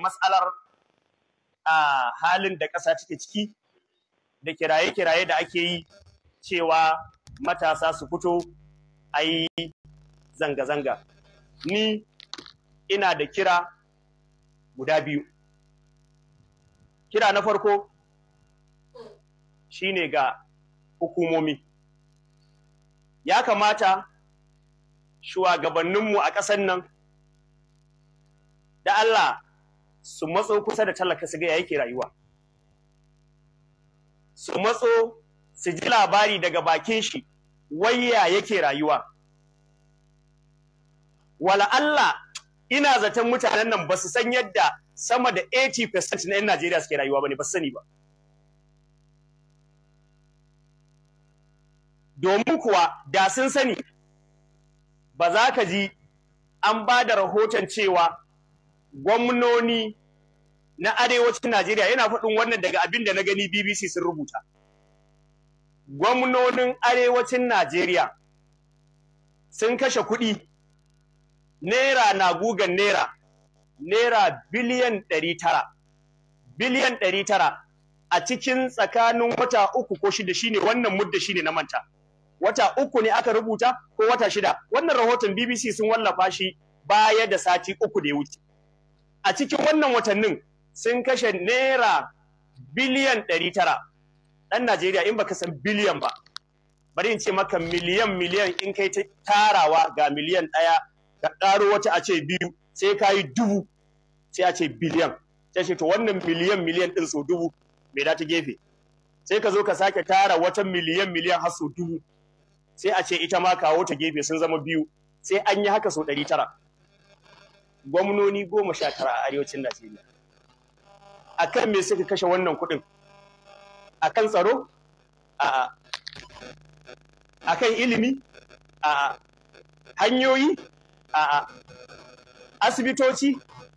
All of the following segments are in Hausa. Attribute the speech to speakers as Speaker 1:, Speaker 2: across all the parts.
Speaker 1: matsalar a halin da ƙasa take ciki da kiraye-kiraye da ake yi cewa matasa su fito a yi zanga-zanga. Ni ina da kira guda biyu. Kira na farko shi ne ga hukumomi. Ya kamata shugabanninmu a ƙasar nan da Allah su matso kusa da talaka su ga ya yake rayuwa su matso su ji labari daga bakin shi ya yake rayuwa wala Allah ina zaton mutanen nan ba su san yadda sama da 80% na 'yan Najeriya suke rayuwa ba ne ba su sani ba domin kuwa da sun sani ba za ka ji an ba da rahoton cewa gwamnoni na arewacin Najeriya yana faɗin wannan daga abin da na gani BBC sun rubuta. Gwamnonin arewacin Najeriya sun kashe kuɗi naira na gugan naira naira biliyan ɗari tara biliyan ɗari tara a cikin tsakanin wata uku ko shida shine wannan mudda shine na manta wata uku ne aka rubuta ko wata shida wannan rahoton BBC sun wallafa shi baya da sati uku da ya wuce a cikin wannan watannin sun kashe naira biliyan ɗari tara ɗan Najeriya in ba ka san biliyan ba bari in ce maka miliyan miliyan in kai ta tarawa ga miliyan ɗaya ga ƙaro wata a ce biyu sai ka yi dubu sai a ce biliyan sai ce to wannan miliyan miliyan ɗin so dubu mai da ta gefe sai ka zo ka sake tara wata miliyan miliyan har so dubu sai a ce ita ma kawo ta gefe sun zama biyu sai an yi haka sau ɗari tara gwamnoni goma sha tara a arewacin Najeriya. A kan me suka kashe wannan kuɗin? A kan tsaro? A'a. A kan ilimi? A'a. Hanyoyi? A'a. Asibitoci?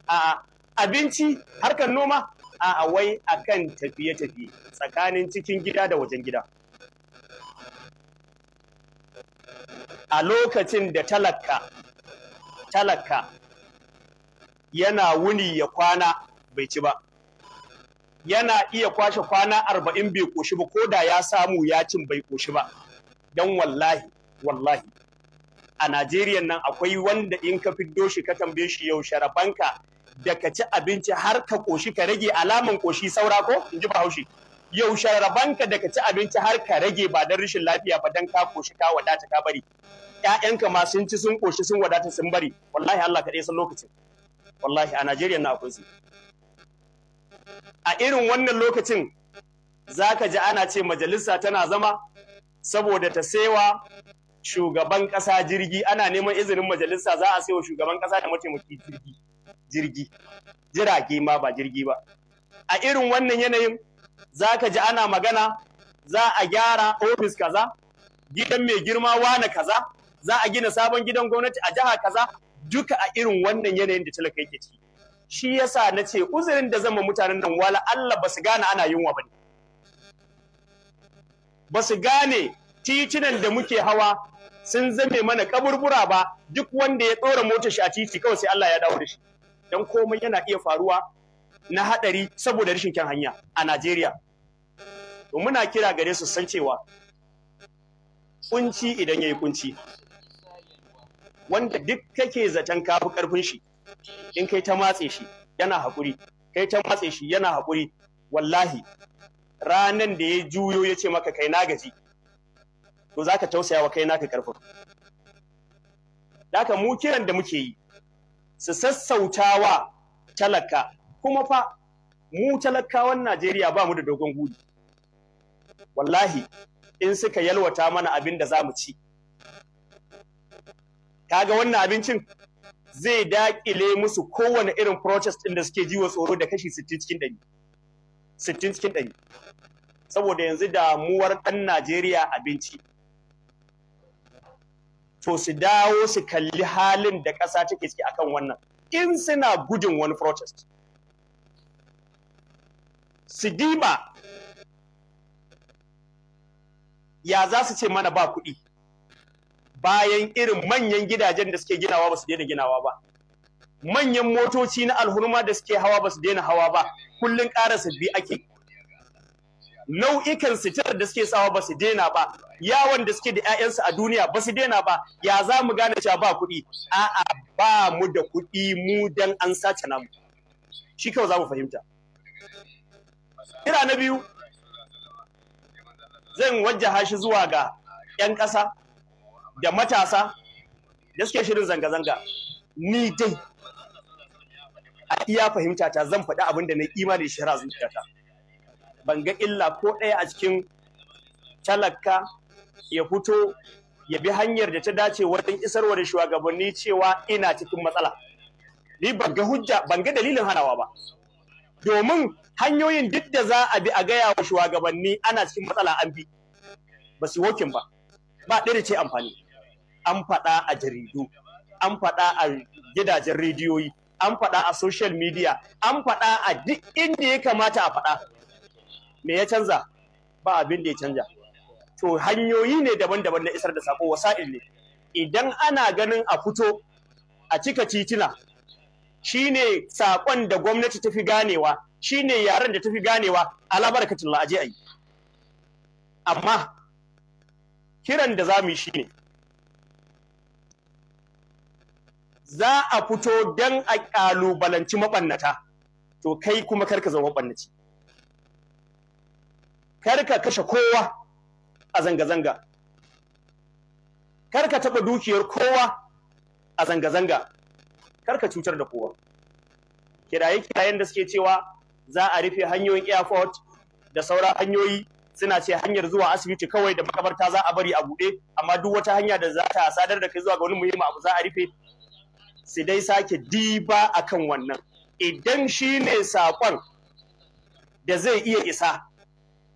Speaker 1: A'a. Abinci? Harkar noma? A'a wai a kan tafiye-tafiye tsakanin cikin gida da wajen gida. A lokacin da talaka talaka yana wuni ya kwana bai ci ba yana iya kwashe kwana arba'in bai koshi ba ko da ya samu ya cin bai koshi ba don wallahi wallahi a Najeriya nan akwai wanda in ka fiddo shi ka tambaye shi yau sharafanka da ka ci abinci har ka koshi ka rage alaman koshi saura ko in ji bahaushe yau sharafanka da ka ci abinci har ka rage ba don rashin lafiya ba don ka koshi ka wadata ka bari Ya'yanka ma sun ci sun koshi sun wadata sun bari wallahi Allah kaɗai san lokacin wallahi a Najeriya na akwai su a irin wannan lokacin zaka ji ana ce majalisa tana zama saboda ta sewa shugaban ƙasa jirgi ana neman izinin majalisa za a sewa shugaban ƙasa da mataimaki jirgi jirgi jirage ma ba jirgi ba a irin wannan yanayin zaka ji ana magana za a gyara ofis kaza gidan mai girma wane kaza za a gina sabon gidan gwamnati a jiha kaza duka a irin wannan yanayin da talaka yake ciki shi yasa na ce uzurin da zama mutanen nan wala Allah ba su gane ana yunwa ba ne ba su gane titunan da muke hawa sun zame mana kaburbura ba duk wanda ya ɗora mota shi a titi kawai sai Allah ya dawo da shi dan komai yana iya faruwa na hadari saboda rashin kyan hanya a Najeriya to muna kira gare su san cewa kunci idan ya yi kunci wanda duk kake zaton kafi karfin shi in kai ta matse shi yana haƙuri kai ta matse shi yana haƙuri wallahi ranan da ya juyo ya ce maka kai na gaji to za ka tausaya wa kai naka karfin Daka mu kiran da muke yi su sassautawa talaka kuma fa mu talakawan Najeriya ba mu da dogon guri wallahi in suka yalwata mana abin da za mu ci kaga wannan abincin zai daƙile musu kowane irin protest din da suke jiwa tsoro da kashi 60 cikin 100 60 cikin 100 saboda yanzu damuwar ɗan Najeriya abinci to su dawo su kalli halin da ƙasa take ciki akan wannan in suna gudun wani protest su diba ya za su ce mana ba kuɗi bayan irin manyan gidajen da suke ginawa ba su daina ginawa ba manyan motoci na alhurma da suke hawa ba su daina hawa ba kullun ƙara sabbi ake nau'ikan sitar da suke sawa ba su daina ba yawon da suke da 'ya'yansu a duniya ba su daina ba ya za mu gane cewa ba kuɗi a'a ba mu da kuɗi mu dan an sace namu shi kawai za mu fahimta kira na biyu zan wajjaha shi zuwa ga 'yan ƙasa da matasa da suke shirin zanga-zanga ni dai a iya fahimta ta zan faɗi abin da na imani shara zuciyata ban ga illa ko ɗaya a cikin talaka ya fito ya bi hanyar da ta dace wajen isarwa da shugabanni cewa ina cikin matsala ni ban ga hujja ban ga dalilin hanawa ba domin hanyoyin duk da za a bi a gaya wa shugabanni ana cikin matsala an bi ba su wokin ba ba ɗaya da ce amfani an faɗa a jaridu an faɗa a gidajen rediyoyi an faɗa a social media an faɗa a duk inda ya kamata a faɗa me ya canza ba abin da ya canza to hanyoyi ne daban-daban na isar da sako wasa'il ne idan ana ganin a fito a cika titina shine sakon da gwamnati ta fi ganewa shine yaren da ta fi ganewa alabarkacin la'aji a yi amma kiran da za mu yi shine ne za a fito don a ƙalubalanci maɓannata to kai kuma karka zama maɓannaci karka kashe kowa a zanga-zanga karka taɓa dukiyar kowa a zanga-zanga karka cutar da kowa kiraye-kirayen da suke cewa za a rufe hanyoyin airport da sauran hanyoyi suna ce hanyar zuwa asibiti kawai da makabarta za a bari a buɗe amma duk wata hanya da za ta sadar da kai zuwa ga wani muhimmi abu za a rufe su dai sake diba akan wannan idan shi ne saƙon da zai iya isa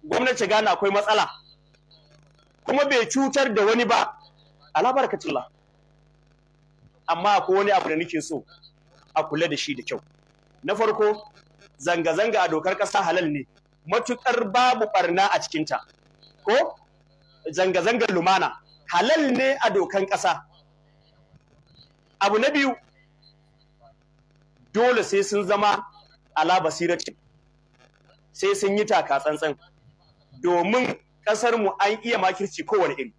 Speaker 1: gwamnati gana akwai matsala kuma bai cutar da wani ba alabarkatullah amma akwai wani abu da nake so a kula da shi da kyau na farko zanga-zanga a dokar ƙasa halal ne matuƙar babu ɓarna a cikinta ko zanga-zangar lumana halal ne a dokan ƙasa abu na biyu dole sai sun zama ala basirati sai sun yi taka tsantsan domin kasar mu an iya makirci kowane iri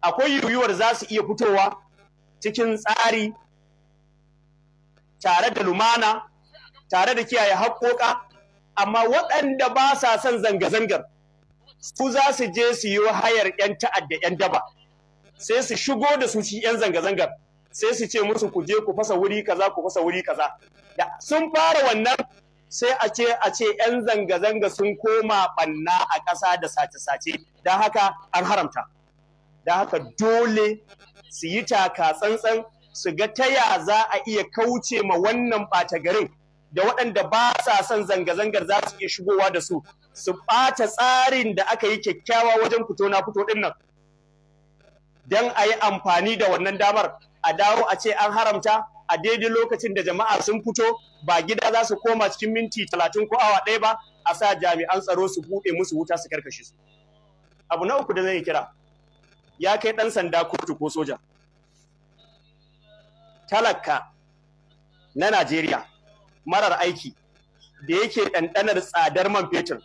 Speaker 1: akwai yiwuwar za su iya fitowa cikin tsari tare da lumana tare da kiyaye haƙoƙa amma waɗanda ba sa son zanga-zangar su za su je su yi hayar 'yan ta'adda 'yan daba sai su shigo da su ci 'yan zanga-zangar sai su ce musu ku je ku fasa wuri kaza ku fasa wuri kaza da sun fara wannan sai a ce a ce yan zanga zanga sun koma banna a ƙasa da sace sace dan haka an haramta dan haka dole su yi taka tsantsan su ga ta ya za a iya kauce ma wannan ɓata garin da waɗanda ba sa son zanga-zangar za su iya shigowa da su su ɓata tsarin da aka yi kyakkyawa wajen fito na fito ɗin nan don a yi amfani da wannan damar a dawo a ce an haramta a daidai lokacin da jama'a sun fito ba gida za su koma cikin minti talatin ko awa ɗaya ba a sa jami'an tsaro su buɗe musu wuta su karkashe su abu na uku da zan yi kira ya kai ɗan sanda kotu ko soja talaka na najeriya marar aiki da yake ɗanɗanar tsadar man fetur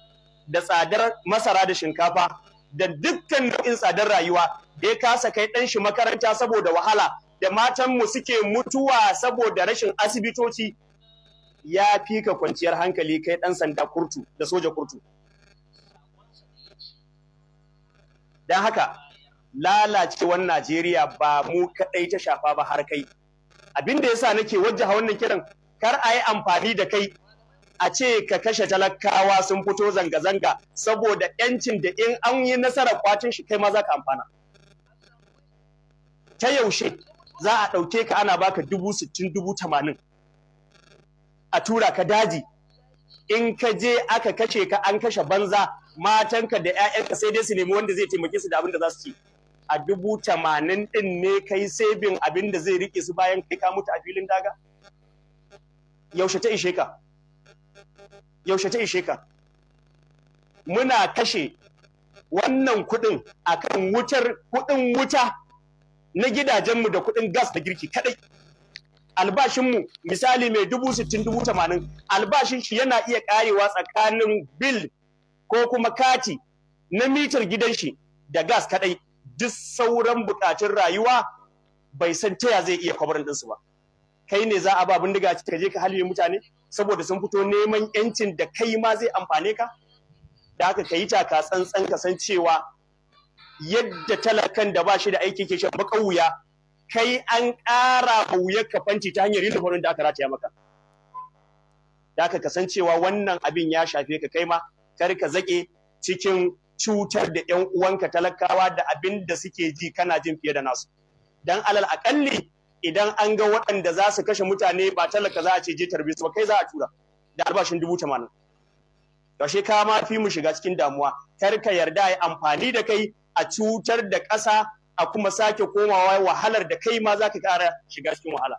Speaker 1: da tsadar masara da shinkafa da dukkan nau'in tsadar rayuwa da ya kasa kai ɗan shi makaranta saboda wahala da matanmu suke mutuwa saboda rashin asibitoci ya fi ka kwanciyar hankali kai ɗan sanda kurtu da soja kurtu. Don haka lalacewar Najeriya ba mu kaɗai ta shafa ba har kai. Abin da yasa nake wajjaha wannan kiran kar a yi amfani da kai a ce ka kashe talakawa sun fito zanga-zanga saboda 'yancin da in an yi nasarar kwatin shi kai ma za ka amfana. Ta yaushe za a ɗauke ka ana baka dubu sittin dubu tamanin a tura ka daji in ka je aka kashe ka an kashe banza matanka da 'ya'yanka sai dai su nemi wanda zai taimake su da abin da za su ci a dubu tamanin ɗin ne kai sabin abin da zai rike su bayan kai ka mutu a filin daga yaushe ta ishe ka yaushe ta ishe ka muna kashe wannan kuɗin akan wutar kuɗin wuta na gidajenmu da kuɗin gas da girki kaɗai. Albashinmu misali mai dubu sittin dubu tamanin albashin shi yana iya ƙarewa tsakanin bil ko kuma kati na mitar gidan shi da gas kaɗai duk sauran buƙatun rayuwa bai san taya zai iya kwabarin ɗinsu ba. Kai ne za a ba bindiga ka je ka halye mutane saboda sun fito neman 'yancin da kai ma zai amfane ka? Da haka ka yi taka tsantsan kasancewa. yadda talakan da ba shi da aiki ke shan baka kai an ƙara wuyar kafanci ta hanyar yin lafarin da aka rataya maka da aka kasancewa wannan abin ya shafe ka kai ma kar ka zaƙe cikin cutar da ƴan uwanka talakawa da abin da suke ji kana jin fiye da nasu dan alal aƙalli idan an ga waɗanda za su kashe mutane ba talaka za a ce je tarbiyyar su ba kai za a tura da albashin dubu tamanin. Yaushe ka ma fi mu shiga cikin damuwa, kar ka yarda ya amfani da kai a cutar da ƙasa a kuma sake komawa wahalar da kai ma za ka ƙara shiga cikin wahala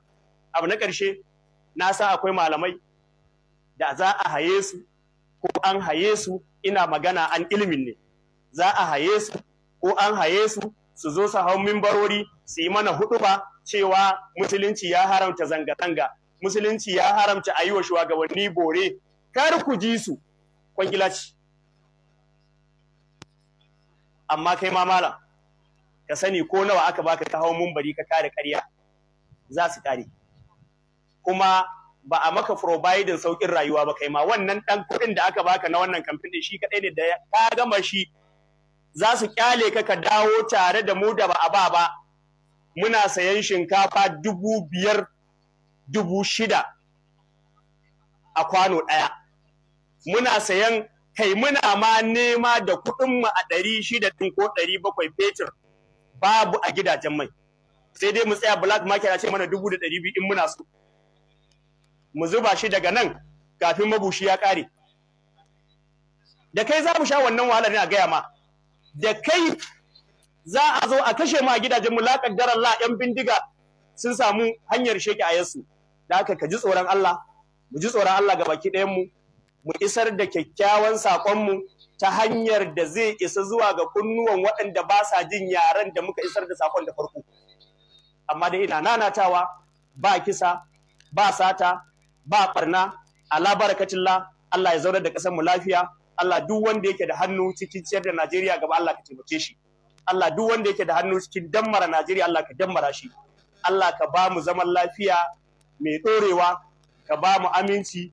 Speaker 1: abu na ƙarshe na sa akwai malamai da za a haye su ko an haye su ina magana an ilimin ne za a haye su ko an haye su su zo su hau mimbarori su yi mana ba. cewa musulunci ya haramta zanga-zanga musulunci ya haramta a yi wa shugabanni bore kar ku ji su kwangilaci ce amma kai ma malam ka sani ko nawa aka baka ta hawo mumbari ka kare ƙarya za su kare kuma ba a maka providing saukin rayuwa ba kai ma wannan dan kuɗin da aka baka na wannan kamfin din shi kadai ne da ka gama shi za su kyale ka ka dawo tare da mu da ba a ba ba muna sayan shinkafa dubu biyar dubu shida a kwano ɗaya muna sayan kai muna ma nema da kuɗinmu a ɗari shida ɗin ko ɗari bakwai fetur babu a gidajen mai sai dai mu tsaya black market a ce mana dubu da ɗari biyu in muna so mu zuba shi daga nan kafin mabushi ya ƙare da kai za mu sha wannan wahalar ne a gaya ma da kai za a zo a kashe mu a gidajen mu laƙaddarar la yan bindiga sun samu hanyar sheke a yasu da haka ka ji tsoron Allah mu ji tsoron Allah ga baki ɗayan mu mu isar da kyakkyawan saƙonmu ta hanyar da zai isa zuwa ga kunnuwan waɗanda ba sa jin yaren da muka isar da saƙon da farko amma dai ina nanatawa ba kisa ba sata ba ɓarna ala barakatilla Allah ya zaunar da ƙasar mu lafiya Allah duk wanda yake da hannu cikin ciyar da Najeriya gaba Allah ka taimake shi Allah duk wanda yake da hannu cikin dammara Najeriya Allah ka dammara shi Allah ka ba mu zaman lafiya mai ɗorewa ka ba mu aminci